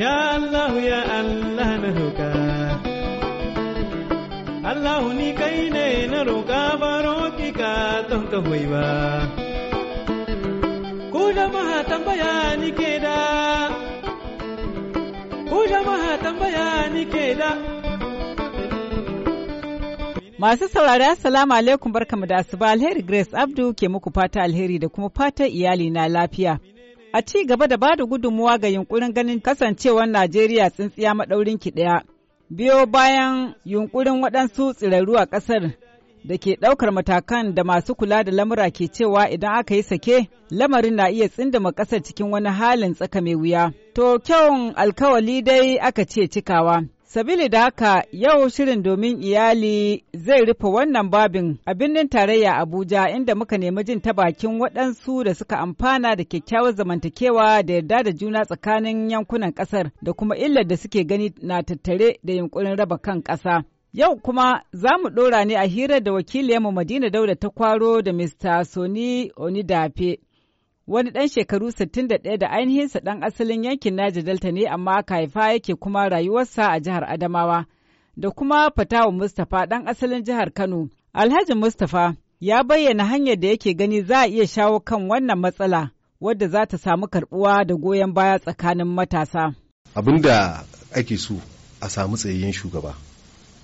Ya Allah ya Allah na roƙa Allah kai ne na ka don ka ba Masu saurari Assalamu alaikum barkamu da asuba alheri Grace Abdu ke muku fata alheri da kuma fata iyali na lafiya. a ci gaba da bada gudunmuwa ga yunkurin ganin kasancewar Najeriya tsintsiya maɗaurin ki ɗaya. Biyo bayan yunkurin waɗansu tsirarru a ƙasar da ke ɗaukar matakan da masu kula da lamura ke cewa idan aka yi sake lamarin na iya tsindama ƙasar cikin wani halin tsaka mai wuya. To kyawun alkawali dai aka ce cikawa. Sabili da haka yau shirin domin iyali zai rufe wannan babin a birnin tarayya Abuja inda muka nemi jin ta bakin waɗansu da suka amfana da kyakkyawar zamantakewa da yarda da juna tsakanin yankunan ƙasar da kuma illar da suke gani na tattare da yunkurin raba kan ƙasa. Yau kuma za mu ɗora ne a hirar da wakiliyarmu Madina Dauda ta kwaro da mista Soni Onidafe wani ɗan shekaru 61 da ainihin sa ɗan asalin yankin Niger Delta ne amma aka haifa yake kuma rayuwarsa a jihar Adamawa, da kuma Fatawa Mustapha ɗan asalin jihar Kano. Alhaji Mustapha ya bayyana hanyar da yake gani za a iya shawo kan wannan matsala wadda za ta samu karɓuwa da goyon baya tsakanin matasa. Abin da ake so a samu tsayayyen shugaba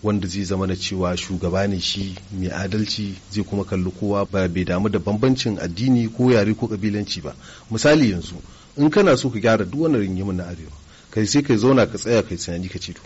wanda zai zama na cewa shugaba ne shi mai adalci zai kuma kalli kowa ba bai damu da bambancin addini ko yare ko kabilanci ba misali yanzu in kana so ka gyara duk wani ringimin na arewa kai sai ka zauna ka tsaya kai tunani ka ce to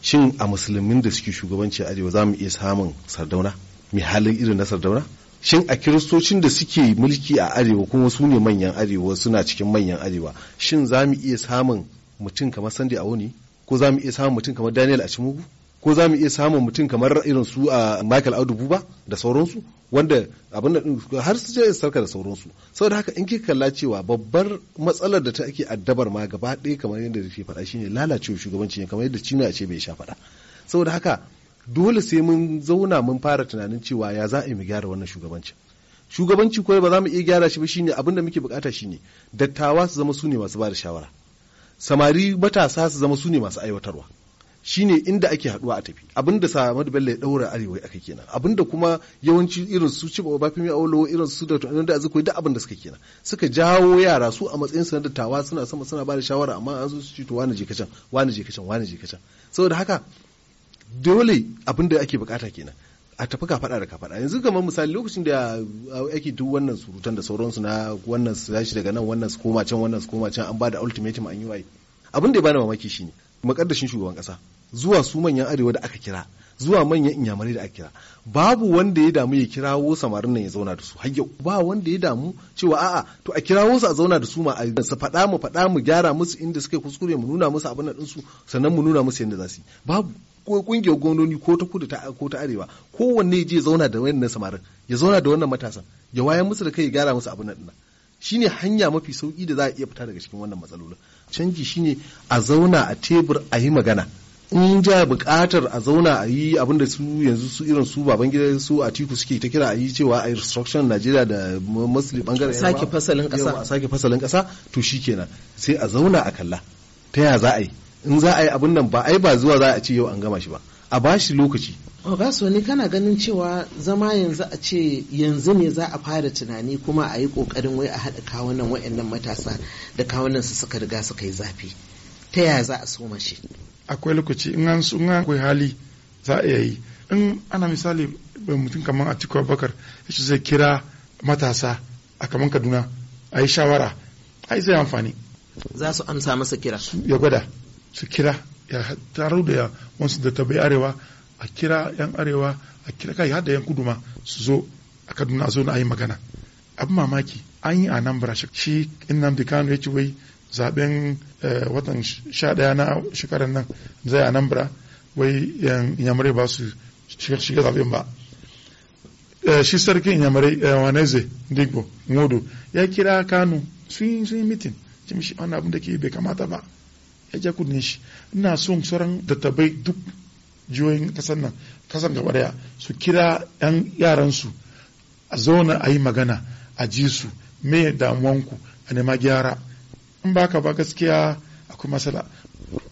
shin a musulmin da suke shugabanci a arewa za mu iya samun sardauna mai halin irin na sardauna shin a kiristocin da suke mulki a arewa kuma su ne manyan arewa suna cikin manyan arewa shin za mu iya samun mutum kamar sande a wani ko za mu iya samun mutum kamar daniel a cimugu ko za mu iya samun mutum kamar irin su a ah, Michael Audubu ba da sauransu wanda abin da har su je sarka da sauransu saboda haka in kika kalla cewa babbar matsalar da ta ake addabar ma gaba ɗaya kamar yadda da ke faɗa shine lalacewa shugabanci kamar yadda a ce bai sha faɗa saboda haka dole sai mun zauna mun fara tunanin cewa ya za a mu gyara wannan shugabanci shugabanci kawai ba za mu iya gyara shi ba shine abin da muke bukata ne dattawa su zama su ne masu ba da shawara samari matasa su zama su ne masu aiwatarwa shine inda ake haduwa a tafi abinda Samadu Bello ya daura arewa aka kenan abinda kuma yawanci irin su ci baba fimi awolo irin su da tunanin da azuko da abinda suka kenan suka jawo yara su a matsayin sanar da tawa suna sama suna bada shawara amma an zo su ci to wani je kacan wani je kacan wani je kacan saboda haka dole abinda ake bukata kenan a tafi ka fada da ka fada yanzu kamar misali lokacin da ake duk wannan surutan da sauransu na wannan su daga nan wannan su koma can wannan su koma can an ba da ultimatum an yi waye abin da ya bani mamaki shine makaddashin shugaban kasa zuwa su manyan arewa da aka kira zuwa manyan inyamurai da aka kira babu wanda ya damu ya kirawo samarin nan ya zauna da su hayyau ba wanda ya damu cewa a'a to a kirawo su a zauna da su ma a su faɗa mu faɗa mu gyara musu inda suka kuskure mu nuna musu abin nan su sannan mu nuna musu yadda za su yi babu kungiyar gwamnoni ko ta kudu ko ta arewa kowanne ya je zauna da wannan samarin ya zauna da wannan matasan ya wayar musu da kai ya gyara musu abin nan shine hanya mafi sauki da za a iya fita daga cikin wannan matsalolin canji shine a zauna a tebur a yi magana in ja buƙatar a zauna a yi abin da su yanzu su irin su baban gida su a tiku suke ta kira a yi cewa a instruction Najeriya da Muslim bangaren sake fasalin ƙasa a sake fasalin ƙasa to shikenan sai a zauna a kalla ta ya za a yi in za a yi abin nan ba ai ba zuwa za a ce yau an gama shi ba a bashi lokaci Ogaso oh, ne kana ganin cewa zama yanzu a ce yanzu ne za a fara tunani kuma a yi ƙoƙarin wai a haɗa kawunan wa'annan matasa da kawunan su suka riga suka yi zafi ta yaya za a soma shi akwai lokaci in an sun akwai hali za a yi in ana misali mutum kamar Atiku Abubakar shi zai kira matasa a kamar Kaduna a yi shawara ai zai amfani za su amsa masa kira ya gwada su kira ya taro da wasu da tabi arewa a kira yan arewa a kira kai hada yan kuduma su zo a kaduna a zo na ayi magana abin mamaki an yi a nan barashik shi da kano ya ci wai zaben eh, watan sha daya na shekarar nan zai a nan bara wai yamurai ba su shiga zaben ba eh, shi sarki yamurai eh, waneze digbo ngodo ya kira kano sun yi mitin jimshi wani abin da ke bai kamata ba ya ja shi ina son sauran dattabai duk jihohin kasar nan kasan gaba daya su kira yan yaran su a zauna a yi magana a ji su me damuwanku a nema gyara in baka ba gaskiya akwai matsala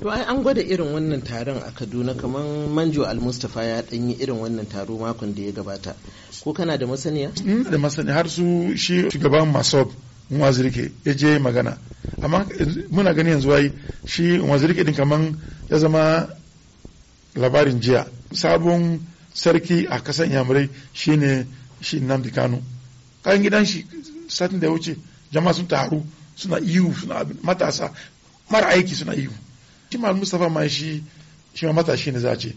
to ai an gwada irin wannan taron a kaduna kamar manjo mustapha ya dan yi irin wannan taro makon da ya gabata ko kana da masaniya da masaniya har su shi shugaban masob wazirke ya je magana amma muna gani yanzu wai shi wazirke din kaman ya zama labarin jiya sabon sarki a kasan yamurai shine shi da Kano kayan gidan shi satin da ya wuce jama'a sun taru suna iyu suna matasa mara aiki suna ihu shi ma Mustapha ma shi shi ma matashi ne za a ce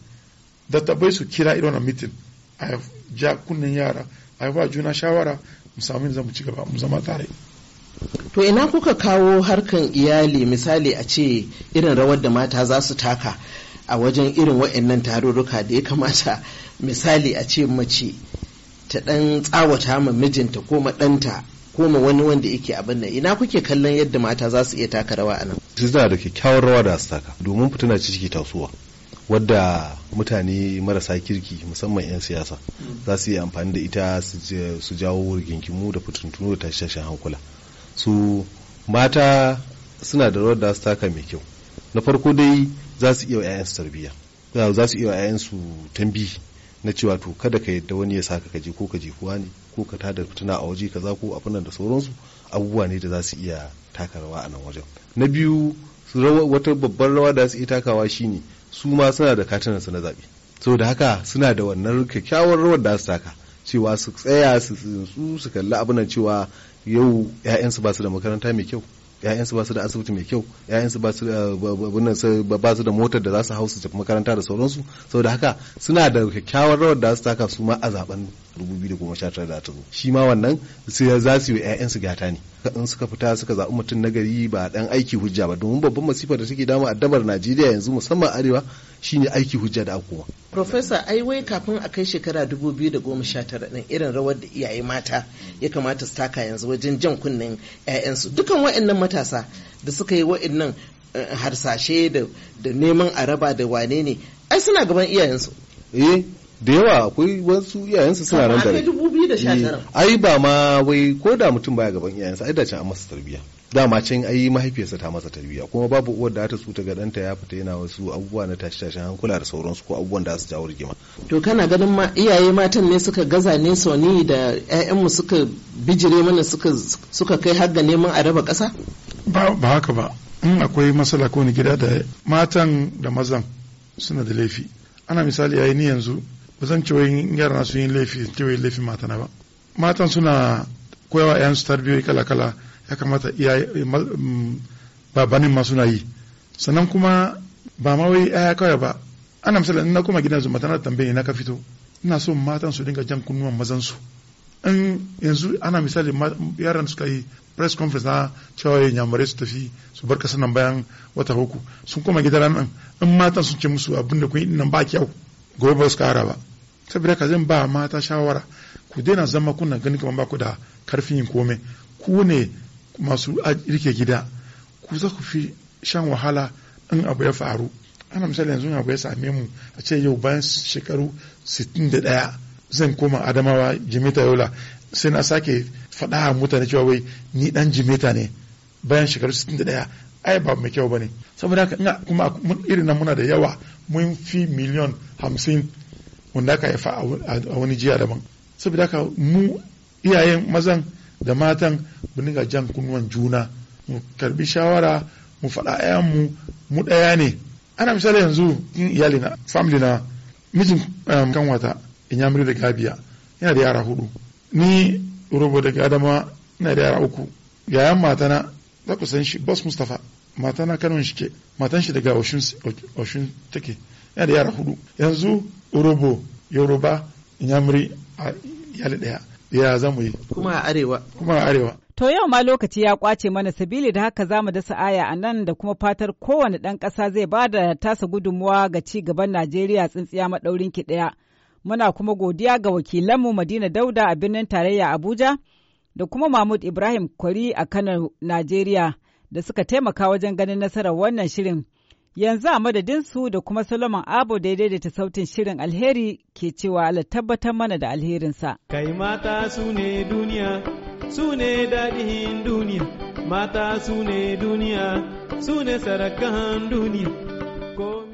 dattabai su kira irin wannan mitin a ja kunnen yara a yi wa juna shawara mu samu zama ci gaba mu zama tare To ina kuka kawo harkan iyali misali a ce irin rawar da mata za su taka a wajen irin waɗannan tarurruka da ya kamata misali a ce mace ta ɗan tsawata ma mijinta ko ma ɗanta ko ma wani wanda yake abin nan ina kuke kallon yadda mata za su iya taka rawa a nan. suna da kyakkyawar rawa da su taka domin fitina ci ciki tasowa wadda mutane marasa kirki musamman 'yan siyasa za su yi amfani da ita su jawo rigingimu da fitintunu da tashe hankula. su mata suna da rawar da su taka mai kyau na farko dai za su iya yayansu tarbiyya za su iya yayansu tambi na cewa to kada ka yadda wani ya saka kaje ko kaje kuwa ne ko ka tada fitina a waje kaza ko a fannin da sauransu abubuwa ne da za su iya taka rawa a nan wajen na biyu su wata babbar rawa da su iya takawa shine su ma suna da katunan su na zabe saboda haka suna da wannan kyakkyawar rawar da su taka cewa su tsaya su tsinsu su kalli abin cewa yau 'ya'yansu ba su da makaranta mai kyau ‘ya'yansu ba su da asibiti mai kyau ‘ya'yansu ba su da motar da za su hau su tafi makaranta da sauransu saboda haka suna da kyakkyawar rawar da su taka su ma a zaben 2019 da ta zo shi ma wannan za su yi wa ‘ya'yansu gata ne suka in suka fita suka zaɓi mutum na gari ba ɗan aiki hujja ba domin babban masifa da take damu addabar Najeriya yanzu musamman arewa shine aiki hujja da akuma. Profesa ai wai kafin a kai shekara dubu biyu da goma sha tara din irin rawar da iyaye mata ya kamata su taka yanzu wajen jan kunnen 'ya'yansu dukan wa'annan matasa da suka yi wa'annan eh, harsashe da neman araba da wane ne ai suna gaban iyayensu. Eh, da yawa akwai wasu iyayensu suna nan da eh, ai ba ma wai ko da mutum baya gaban iyayensa ai da can an masa tarbiyya dama can ai mahaifiyarsa ta masa tarbiyya kuma babu uwar da ta tsuta ga danta ya fita yana wasu abubuwa na tashi tashin hankula da sauransu ko abubuwan da su jawo rigima to kana ganin ma iyaye matan ne suka gaza ne soni da ƴaƴanmu suka bijire mana suka suka kai har ga neman a raba ƙasa ba ba haka ba in akwai masala ko ni gida da matan da mazan suna da laifi ana misali yayi ni yanzu ba zan ce wai yara sun yi laifi ce wai laifin mata na ba matan suna koyawa yan su tarbiyoyi kala kala ya kamata iyaye mm, babanin ma suna yi sannan kuma ba ma wai aya kawai ba ana misali in na koma gidan su matan na tambaye na ka fito ina so matan su dinga jan kunnuwan mazan su in yanzu ana misali yaran suka yi press conference na cewa ya nyamare su tafi su bar kasa nan bayan wata uku sun kuma gidan nan in matan sun ce musu abin da kun yi nan ba kyau gobe ba su kara ba saboda ka zan ba mata shawara ku daina zama kuna ganin kamar ba ku da karfin yin komai ku ne masu rike gida ku za ku fi shan wahala in abu ya faru ana misali yanzu abu ya same mu a ce yau bayan shekaru 61 zan koma adamawa jimita yola sai na sake faɗa a mutane cewa wai ni dan jimita ne bayan shekaru 61 ai ba mai kyau bane saboda haka ina kuma irin nan muna da yawa mun fi miliyan hamsin wanda aka haifa a wani jiya daban saboda haka mu iyayen mazan da matan mu dinga jan kunnuwan juna mu karbi shawara mu faɗa mu mu ɗaya ne ana misali yanzu in iyali na family na mijin um, kanwata in yamuri da gabiya yana da yara hudu ni robo da gadama ina da yara uku yayan matana za ku san shi bas mustapha mata na kanon shi ke matan shi daga oshun take yana da yara hudu yanzu urobo yoruba nyamri a yali daya ya zamu yi kuma a arewa kuma a arewa To yau ma lokaci ya kwace mana sabili da haka zamu dasa aya a nan da kuma fatar kowane ɗan ƙasa zai ba da tasa gudunmuwa ga ci gaban Najeriya tsintsiya maɗaurin ki ɗaya. Muna kuma godiya ga wakilanmu Madina Dauda a birnin tarayya Abuja da kuma Mahmud Ibrahim Kwari a Kano, Najeriya. da suka taimaka wajen ganin nasarar wannan shirin. Yanzu a madadinsu da kuma Solomon daidai da ta sautin shirin alheri ke cewa ala tabbatar mana da alherinsa. Kai mata su ne duniya, su ne daɗin duniya, mata su ne duniya, su ne sarakan duniya.